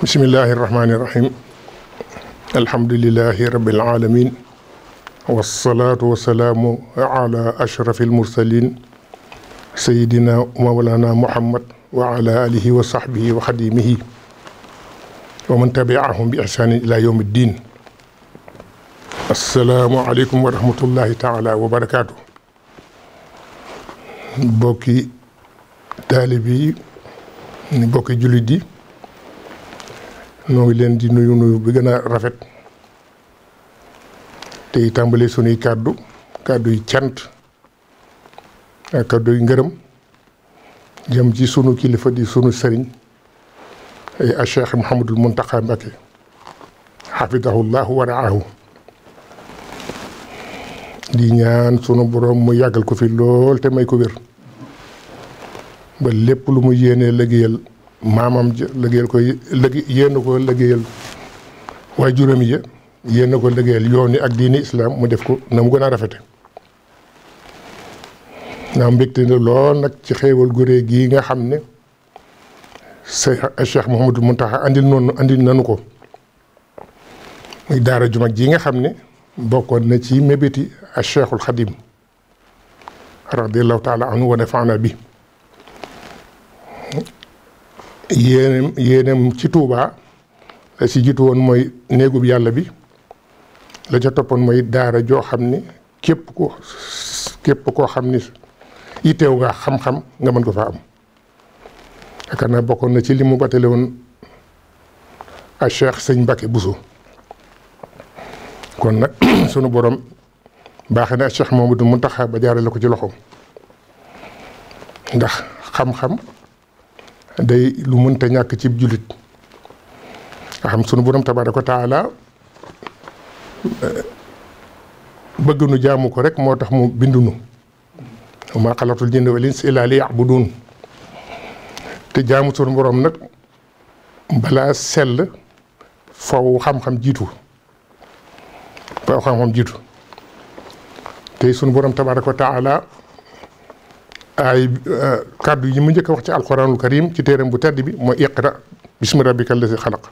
bismillahi irrahmani irrahim alhamdulilahi rabbil alamin wasalaatu wasalaamu ala ashrafi almursalin sayidina mawlana muhammad wa ala alihi wa sahbihi wa xadimihi wa man tabiahum bi ihsanin ila yawmi ddin asalaamu aleykum wa rahmatullahi taala wa barakaatu bokki taalib yi bokki jullit yi ñoo ngi leen di nuyu nuyu bi gën a rafet tey tàmbale sunuy kàddu kàddu yu cant ak kàddu yu ngërëm jëm ci sunu kilifa di sunu sëriñ ay Cheikh Mouhamadul Mountakha Mbacké xafidahullahu wa raahu di ñaan sunu borom mu yàggal ko fi lool te may ko wér ba lépp lu mu yéenee liggéeyal maamam ja liggéeyal ko liggéey yéen ko liggéeyal waaye juróomi ya yéen ko liggéeyal yoon yi ak diini islam mu def ko na mu gën a rafete naa mbégte ne lool nag ci xéewal guree gii nga xam ne Cheikh Mouhamadou Mountakha andil noonu andil nanu ko muy daara ju mag ji nga xam ni bokkoon na ci mébéti ak Cheikhul Khadim radiallahu taala anhu wa nafaana bi yéenem yéenem ci Touba la ci woon mooy néegub yàlla bi la ca toppoon mooy daara joo xam ni képp ko képp koo xam ni yitteew nga xam-xam nga mën ko fa am yaakaar naa bokkoon na ci li mu batale woon a Cheikh Sëñ Mbacke Bousso kon nag sunu boroom baaxee na Cheikh Mamadou Mountakha ba jaarale ko ci loxoom ndax xam-xam day lu mënta ñàkk cib jullit nga xam sunu borom tabaaraka ko taala eh, bëgg nu jaamu ko rek moo tax mu bindunu maa xalatul jinna wal insa illaa liya'budun te jaamu sunu borom nag balaa sell faw xam-xam jiitu faw xam-xam jiitu te sunu borom tabaaraka wa taala ay euh, kàddu yi mu njëkk a wax ci alquranul karim ci téeram bu tedd bi mooy iqra bismi rabbika allasi xalaq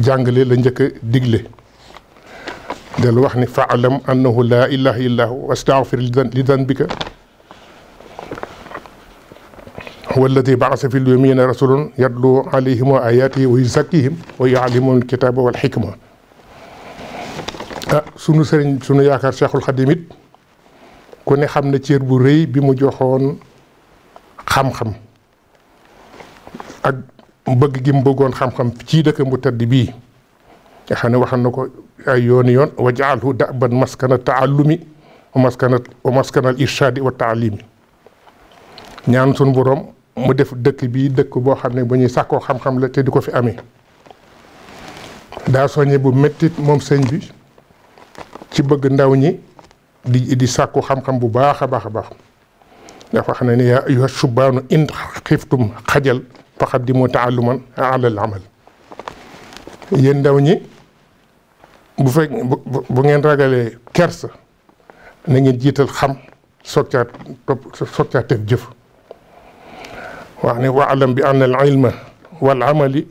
jàngale la njëkk a digle dellu wax ni faalam annahu laa ilaha illa hu wastaghfir li danbika walladi baasa fi lyumina rasulun yatlu alayhim wa ayatihi wa yuzakkihim wa yuallimuhum alkitaba wal xikma ah sunu sëriñ sunu yaakaar cheikhul xadim it ku ne xam na cër bu rëy bi mu joxoon xam-xam ak bëgg gi mu bëggoon xam-xam ci dëkk mu tëdd bii xam ne waxal na ko ay yoon yoon wa jaalhu daban maskana taallumi wa maskana maskan maskanal irshadi wa taalimi ñaan sunu borom mu def dëkk bii dëkk boo xam ne bu ñuy sàkkoo xam-xam la te di ko fi amee daa soññe bu mettit moom sëñ bi ci bëgg ndaw ñi di di sàkku xam-xam bu baax a baax a baax dafa xam ne ne yaa ayuha subaanu in xiftum xajal faqaddimu taalluman ala al amal yéen ndaw ñi bu fekk bu ngeen ragalee kersa na ngeen jiital xam soog caa topp soog tef jëf wax ne waalam bi anna al ilma wal amali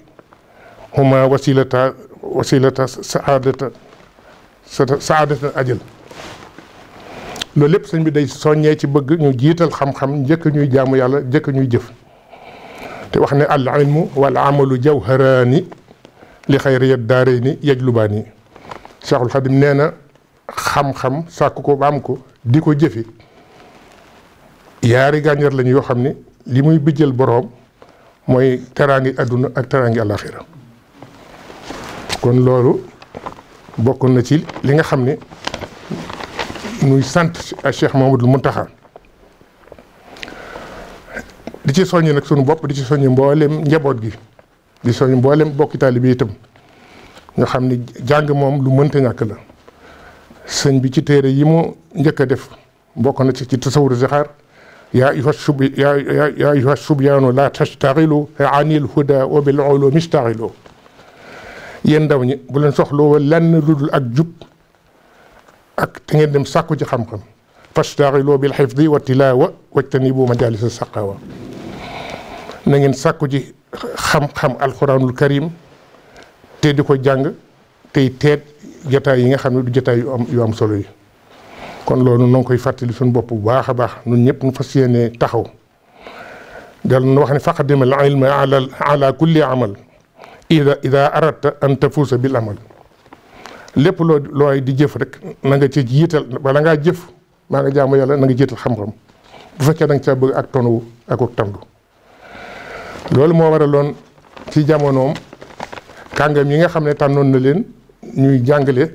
huma wasilata wasilata saadata saadata ajal loolu lépp sëñ bi day soññee ci bëgg ñu jiital xam-xam njëkk ñuy jaamu yàlla njëkk ñuy jëf te wax ne al ilmu wal amalu jawharaani li xayri daarayni yajlubaani Cheikhul Xadim nee na xam-xam sàkk ko ba am ko di ko jëfi yaari gànjar lañu yoo xam ne li muy bijjal boroom mooy teraangi àdduna ak teraangi àllaaxira kon loolu bokk na ci li nga xam ni nuy sant a Cheikh Mouhamadul Mountakha di ci soññ nag suñu bopp di ci soññ mboolem njaboot gi di soññ mboolem bokki taalibe itam nga xam ni jàng moom lu mënta ñàkk la sëñ bi ci téere yi mu njëkk a def bokk na ci ci tasawur zixaar yaa ayyuha sub yaa yaa ayyuha subyaanu laa tastaxilu anil huda wa bil ulumi staxilu ndaw ñi bu leen soxloo lenn lu dul ak jub ak te ngeen dem sàkku ci xam-xam fastaxilu bil xifdi wa tilaawa wajtanibu majalis a na ngeen sakku ci xam-xam alquranul karim te di ko jàng tey teet jataay yi nga xam ne du jataay yu am solo yi kon loolu noo ngi koy fàttali suñu bopp bu baax a baax ñun ñëpp ñu fas yéenee taxaw dal na wax ne faqadima al ilma ala ala amal ida ida aradta an tafuusa bil amal lépp loo looy di jëf rek na nga ci jiital bala ngaa jëf maa nga jaamu yàlla na nga jiital xam-xam bu fekkee da nga bëgg ak tonu ak ak tandu loolu moo waraloon ci jamonoom kàngam yi nga xam ne tànnoon na leen ñuy jàngale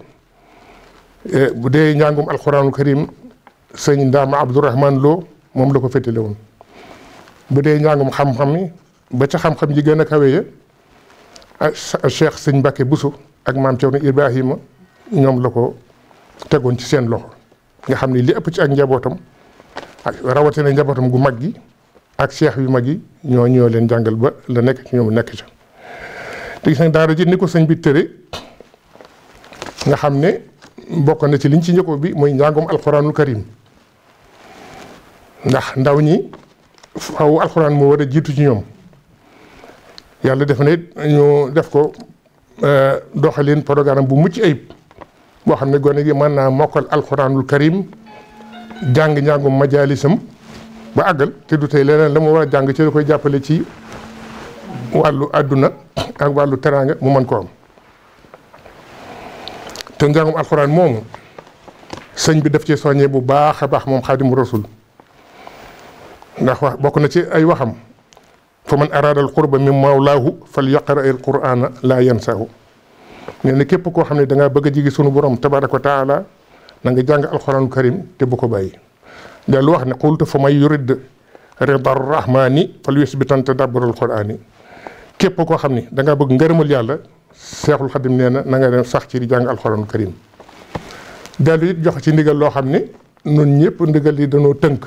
eh, bu dee njàngum alxuraanul karim sëñ Ndaama Abdourahman Lo moom la ko féetale woon bu dee njàngum xam-xam yi ba ca xam-xam yi gën a kawe ya ah, cheikh sëñ Mbacke Bousso ak maam Thierno Ibrahima ñoom la ko tegoon ci seen loxo nga xam ne li ëpp ci ak njabootam ak rawatina njabootam gu mag gi ak seex yu mag yi ñoo ñoo leen jàngal ba la nekk ci ñoom nekk ca te ji ni ko sëñ bi tëre nga xam ne bokk na ci liñ ci njëkko bi mooy njàngoom alxuraanul karim ndax ndaw ñi faw alxuraan moo war a jiitu ci ñoom yàlla def na ñu def ko Euh, doxalin programme bu mucc ayib boo xam ne gone gi mën naa mokkal alxuraanul karim jàng njàngum majaalisam bu àggal te leneen la mu war a jàng ci la koy jàppale ci wàllu àdduna ak wàllu teraanga mu mën ko am te njàngum alxuraan moomu sëñ bi def ci soññee bu baax a baax moom xaadimu rasul ndax wax bokk na ci ay waxam fa man araada al qurba min mawlaahu fal yaqra il qur'ana laa yansahu nee na képp koo xam ne dangaa bëgg a jigi sunu borom tabaraka wa taala na nga jàng alxuraanu karim te bu ko bàyyi dellu wax ne qultu fa may yurid ridar rahmani fal yusbitan tadabbural qur'ani képp koo xam ni dangaa bëgg ngërëmal yàlla seexul xadim nee na na nga dem sax ci di jàng alxuraanu karim dellu it joxe ci ndigal loo xam ne nun ñëpp ndigal yi danoo tënk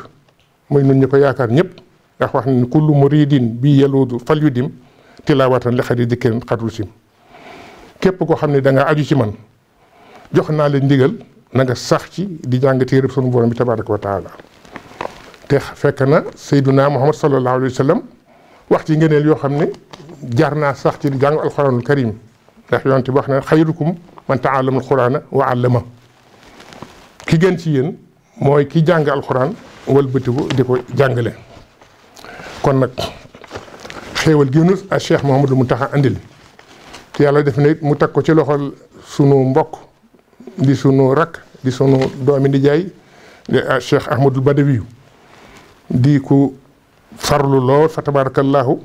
muy nun ñi ko yaakaar ñëpp ndax wax ne kullu muridin bi yeluudu fal yu dim tilaawatan li xari dikkirin xatul sim képp koo xam ne danga aju ci man jox naa leen ndigal na nga sax ci di jàng téere sunu borom bi tabaraka wa taala te fekk na sayduna muhammad sallallahu alayhi wa sallam wax ci ngëneel yoo xam ne jaar naa sax ci di jàng alquranul karim ndax yonent bi wax na xayrukum man taallama alqurana wa allama ki gën ci yéen mooy ki jàng alquran wal bëtiku di ko jàngale kon nag xéewal gi nu a Cheikh Mouhamadou Mountakha andil te yàlla def na it mu teg ko ci loxol sunu mbokk di sunu rakk di sunu doomi di jaay ah, di Cheikh Ahmadul Badawiyu di ku farlu lool fa tabarakallahu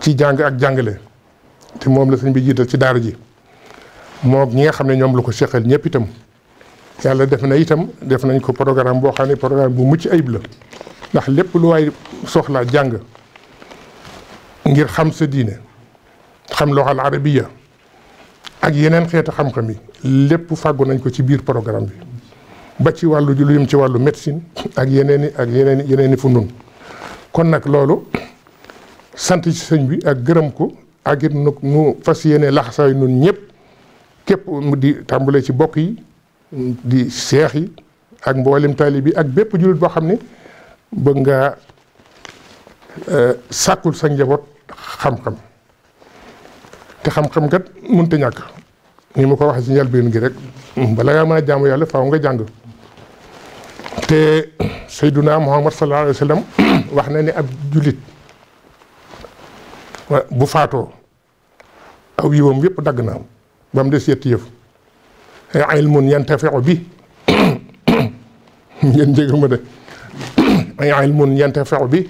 ci jàng ak jàngale te moom la sëñ bi jiital ci daara ji moom ñi nga xam ne ñoom lu ko seqal ñëpp itam yàlla def na itam def nañ ko programme boo xam ne programme bu mucc ayib la ndax lépp lu waay soxlaa jàng ngir xam sa diine xam loxal arabiya ak yeneen xeetu xam-xam yi lépp fàggu nañ ko ci biir programme bi ba ci wàllu lu jëm ci wàllu médecine ak yeneen i ak yeneen i yeneen i fundun kon nag loolu sant ci sëñ bi ak gërëm ko ak it nu fas yéene laxasaayu nun ñëpp képp mu di tàmbale ci bokk yi di seex yi ak mboolem taalib ak bépp jullit boo xam ne bëgg nga euh, sàkkul sa njaboot xam-xam te xam-xam kat mënta ñàkk ni ma ko waxee ci njëlbéen gi rek bala ngaa mën a jaamu yàlla faaw nga jàng te Seyduna Muhammad sallallahu alayhi wa sallam wax na ni ab jullit bu faatoo aw yiwam yépp dagg na ba mu des yetti yëf ilmun yantafiu bi ngeen jégal ma de bi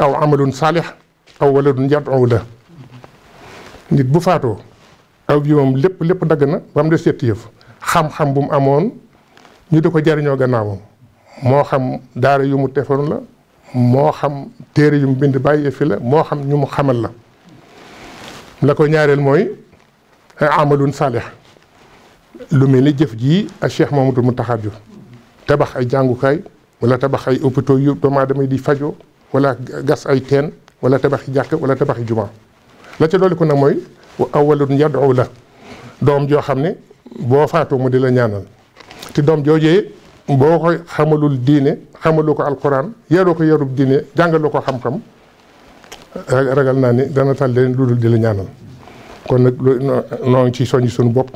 aw amalun saalix aw waladun yad'u la nit bu faatoo aw bi moom lépp lépp dagg na ba mu des yëf xam-xam bu mu amoon ñu di ko jariñoo gannaawam moo xam daara yu mu tefoon la moo xam téere yu mu bind bàyyi fi la moo xam ñu mu xamal la la ko ñaareel mooy amalun saalix lu mel ni jëf jii ak Cheikh Mamadou Mountakha Diouf tabax ay jàngukaay wala tabax ay hôpitaux yu doomu aadama di fajoo wala gas ay teen wala tabax i jàkk wala tabax i juma la ca nag mooy awalun yad'u la doom joo xam ne boo faatoo mu di la te doom joojee boo ko xamalul diine xamaloo ko alquran yaroo ko yarub diine jàngaloo ko xam-xam ragal naa ni dana tal leen lu dul di la ñaanal kon nag noo ngi ci soññ sunu bopp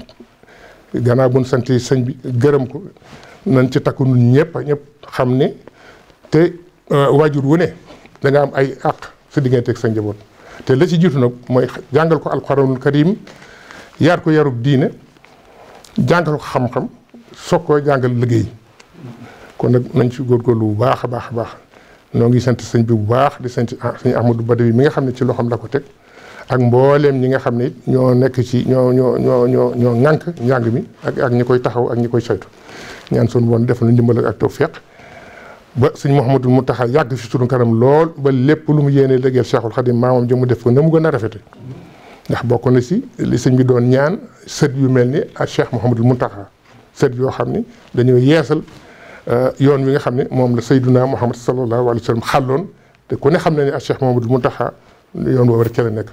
gannaaw bu ñu sant sëñ bi gërëm ko nañ ci takku ñun ñëpp ñëpp xam ne te euh, waajur wu ne da am ay àq si diggante ak sa njaboot te la ci jiitu nag mooy jàngal ko alxuraanul karim yaar ko yarub diine jàngal ko xam-xam soog koo jàngal liggéey kon nag nañ ci góorgóorlu bu baax a baax a baax noo ngi sant sëñ bi bu baax di sant du Ahmadou Badawi mi nga xam ne ci loxoom la ko teg. ak mbooleem ñi nga xam ne ñoo nekk ci ñoo ñoo ñoo ñoo ñoo njàng mi ak ak ñi koy taxaw ak ñi koy saytu ñaan suñu woon def na ndimbal ak tawfeex ba sëñ Mouhamadul Mountakha yàgg fi suñu kanam lool ba lépp lu mu yéene liggéeyal Cheikhul Khadim maamam jëm def ko na mu a rafete ndax bokk na si li sëñ bi doon ñaan sët yu mel ni ak Cheikh Mouhamadul Mountakha sët yoo xam ne dañoo yeesal euh, yoon wi nga xam ni moom la Sayyiduna Muhammad sallallahu alayhi wa sallam xàlloon te ku ne xam na ne ak Cheikh Mouhamadul taxa yoon woowu rek ca la nekk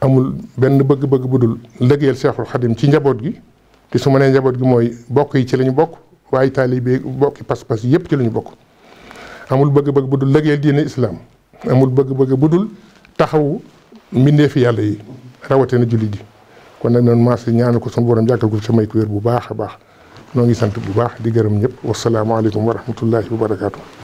amul benn bëgg-bëgg bu dul lëggeel Seexul Xadim ci njaboot gi te su ma nee njaboot gi mooy bokk yi ci la ñu bokk waaye taalibe bokki pas-pas yépp ci la ñu bokk amul bëgg-bëgg bu dul lëggeel diine islaam amul bëgg-bëgg bu dul taxawu mbindeefi yàlla yi rawatina jullit yi kon nag noonu maas yi ñaanal ko sunu borom yàggal ko sa may ku wér bu baax a baax noo ngi sant bu baax di gërëm ñëpp wasalaamaaleykum wa rahmatullahi wa barakaatu.